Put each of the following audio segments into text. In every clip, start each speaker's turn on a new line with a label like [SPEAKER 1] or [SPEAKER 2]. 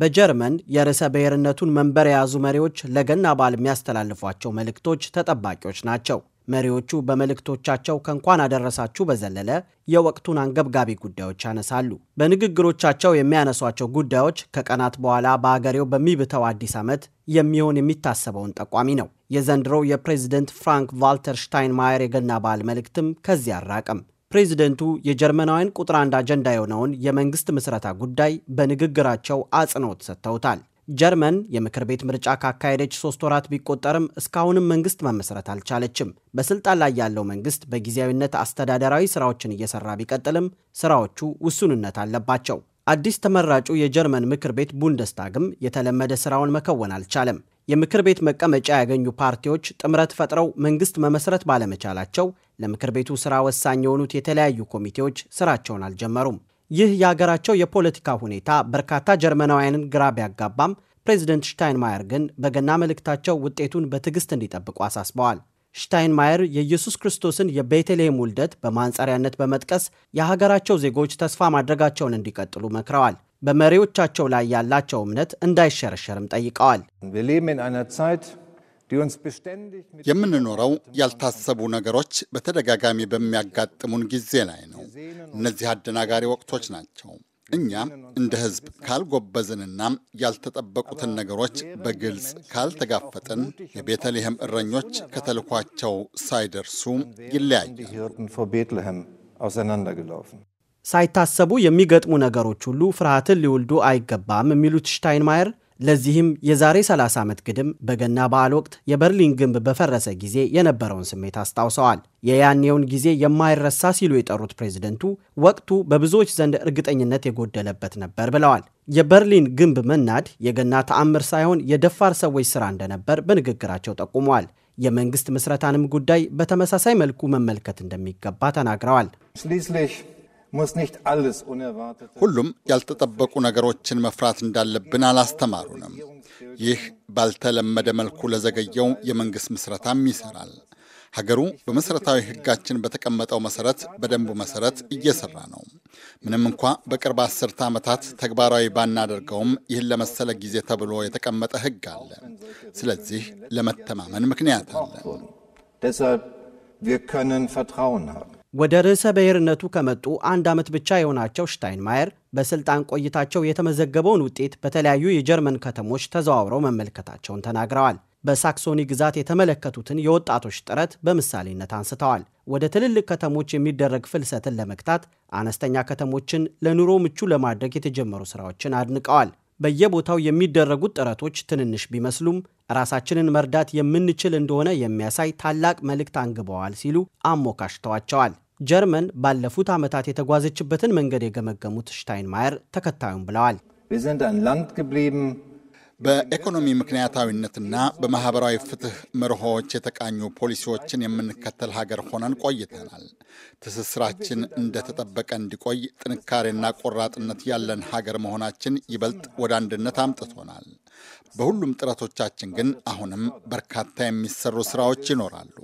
[SPEAKER 1] በጀርመን የርዕሰ ብሔርነቱን መንበር የያዙ መሪዎች ለገና በዓል የሚያስተላልፏቸው መልእክቶች ተጠባቂዎች ናቸው። መሪዎቹ በመልእክቶቻቸው ከእንኳን አደረሳችሁ በዘለለ የወቅቱን አንገብጋቢ ጉዳዮች ያነሳሉ። በንግግሮቻቸው የሚያነሷቸው ጉዳዮች ከቀናት በኋላ በአገሬው በሚብተው አዲስ ዓመት የሚሆን የሚታሰበውን ጠቋሚ ነው። የዘንድሮው የፕሬዚደንት ፍራንክ ቫልተር ሽታይንማየር የገና በዓል መልእክትም ከዚህ አራቅም። ፕሬዚደንቱ የጀርመናውያን ቁጥር አንድ አጀንዳ የሆነውን የመንግስት ምስረታ ጉዳይ በንግግራቸው አጽንኦት ሰጥተውታል። ጀርመን የምክር ቤት ምርጫ ካካሄደች ሶስት ወራት ቢቆጠርም እስካሁንም መንግስት መመስረት አልቻለችም። በስልጣን ላይ ያለው መንግስት በጊዜያዊነት አስተዳደራዊ ስራዎችን እየሰራ ቢቀጥልም ስራዎቹ ውሱንነት አለባቸው። አዲስ ተመራጩ የጀርመን ምክር ቤት ቡንደስታግም የተለመደ ስራውን መከወን አልቻለም። የምክር ቤት መቀመጫ ያገኙ ፓርቲዎች ጥምረት ፈጥረው መንግስት መመስረት ባለመቻላቸው ለምክር ቤቱ ስራ ወሳኝ የሆኑት የተለያዩ ኮሚቴዎች ስራቸውን አልጀመሩም። ይህ የሀገራቸው የፖለቲካ ሁኔታ በርካታ ጀርመናውያንን ግራ ቢያጋባም ፕሬዚደንት ሽታይንማየር ግን በገና መልእክታቸው ውጤቱን በትዕግስት እንዲጠብቁ አሳስበዋል። ሽታይንማየር የኢየሱስ ክርስቶስን የቤተልሔም ውልደት በማንጸሪያነት በመጥቀስ የሀገራቸው ዜጎች ተስፋ ማድረጋቸውን እንዲቀጥሉ መክረዋል። በመሪዎቻቸው ላይ ያላቸው እምነት እንዳይሸረሸርም ጠይቀዋል።
[SPEAKER 2] የምንኖረው ያልታሰቡ ነገሮች በተደጋጋሚ በሚያጋጥሙን ጊዜ ላይ ነው። እነዚህ አደናጋሪ ወቅቶች ናቸው። እኛ እንደ ሕዝብ ካልጎበዝንና ያልተጠበቁትን ነገሮች በግልጽ ካልተጋፈጥን የቤተልሔም እረኞች ከተልኳቸው ሳይደርሱ ይለያያል።
[SPEAKER 1] ሳይታሰቡ የሚገጥሙ ነገሮች ሁሉ ፍርሃትን ሊወልዱ አይገባም የሚሉት ሽታይንማየር ለዚህም የዛሬ 30 ዓመት ግድም በገና በዓል ወቅት የበርሊን ግንብ በፈረሰ ጊዜ የነበረውን ስሜት አስታውሰዋል። የያኔውን ጊዜ የማይረሳ ሲሉ የጠሩት ፕሬዝደንቱ ወቅቱ በብዙዎች ዘንድ እርግጠኝነት የጎደለበት ነበር ብለዋል። የበርሊን ግንብ መናድ የገና ተአምር ሳይሆን የደፋር ሰዎች ሥራ እንደነበር በንግግራቸው ጠቁመዋል። የመንግሥት ምስረታንም ጉዳይ በተመሳሳይ መልኩ መመልከት እንደሚገባ ተናግረዋል።
[SPEAKER 2] ሁሉም ያልተጠበቁ ነገሮችን መፍራት እንዳለብን አላስተማሩንም። ይህ ባልተለመደ መልኩ ለዘገየው የመንግሥት ምስረታም ይሠራል። ሀገሩ በመሠረታዊ ሕጋችን በተቀመጠው መሠረት፣ በደንቡ መሠረት እየሠራ ነው። ምንም እንኳ በቅርብ አስርተ ዓመታት ተግባራዊ ባናደርገውም ይህን ለመሰለ ጊዜ ተብሎ የተቀመጠ ሕግ አለ። ስለዚህ ለመተማመን ምክንያት አለ።
[SPEAKER 1] ወደ ርዕሰ ብሔርነቱ ከመጡ አንድ ዓመት ብቻ የሆናቸው ሽታይንማየር በስልጣን ቆይታቸው የተመዘገበውን ውጤት በተለያዩ የጀርመን ከተሞች ተዘዋውረው መመልከታቸውን ተናግረዋል። በሳክሶኒ ግዛት የተመለከቱትን የወጣቶች ጥረት በምሳሌነት አንስተዋል። ወደ ትልልቅ ከተሞች የሚደረግ ፍልሰትን ለመግታት አነስተኛ ከተሞችን ለኑሮ ምቹ ለማድረግ የተጀመሩ ስራዎችን አድንቀዋል። በየቦታው የሚደረጉት ጥረቶች ትንንሽ ቢመስሉም ራሳችንን መርዳት የምንችል እንደሆነ የሚያሳይ ታላቅ መልእክት አንግበዋል ሲሉ አሞካሽተዋቸዋል። ጀርመን ባለፉት ዓመታት የተጓዘችበትን መንገድ የገመገሙት ሽታይንማየር ተከታዩም ብለዋል።
[SPEAKER 2] በኢኮኖሚ ምክንያታዊነትና በማኅበራዊ ፍትህ መርሆዎች የተቃኙ ፖሊሲዎችን የምንከተል ሀገር ሆነን ቆይተናል። ትስስራችን እንደተጠበቀ እንዲቆይ ጥንካሬና ቆራጥነት ያለን ሀገር መሆናችን ይበልጥ ወደ አንድነት አምጥቶናል። በሁሉም ጥረቶቻችን ግን አሁንም በርካታ የሚሰሩ
[SPEAKER 1] ስራዎች ይኖራሉ።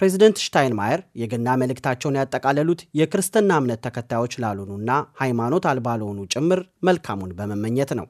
[SPEAKER 1] ፕሬዚደንት ሽታይንማየር የገና መልእክታቸውን ያጠቃለሉት የክርስትና እምነት ተከታዮች ላልሆኑና ሃይማኖት አልባ ለሆኑ ጭምር መልካሙን በመመኘት ነው።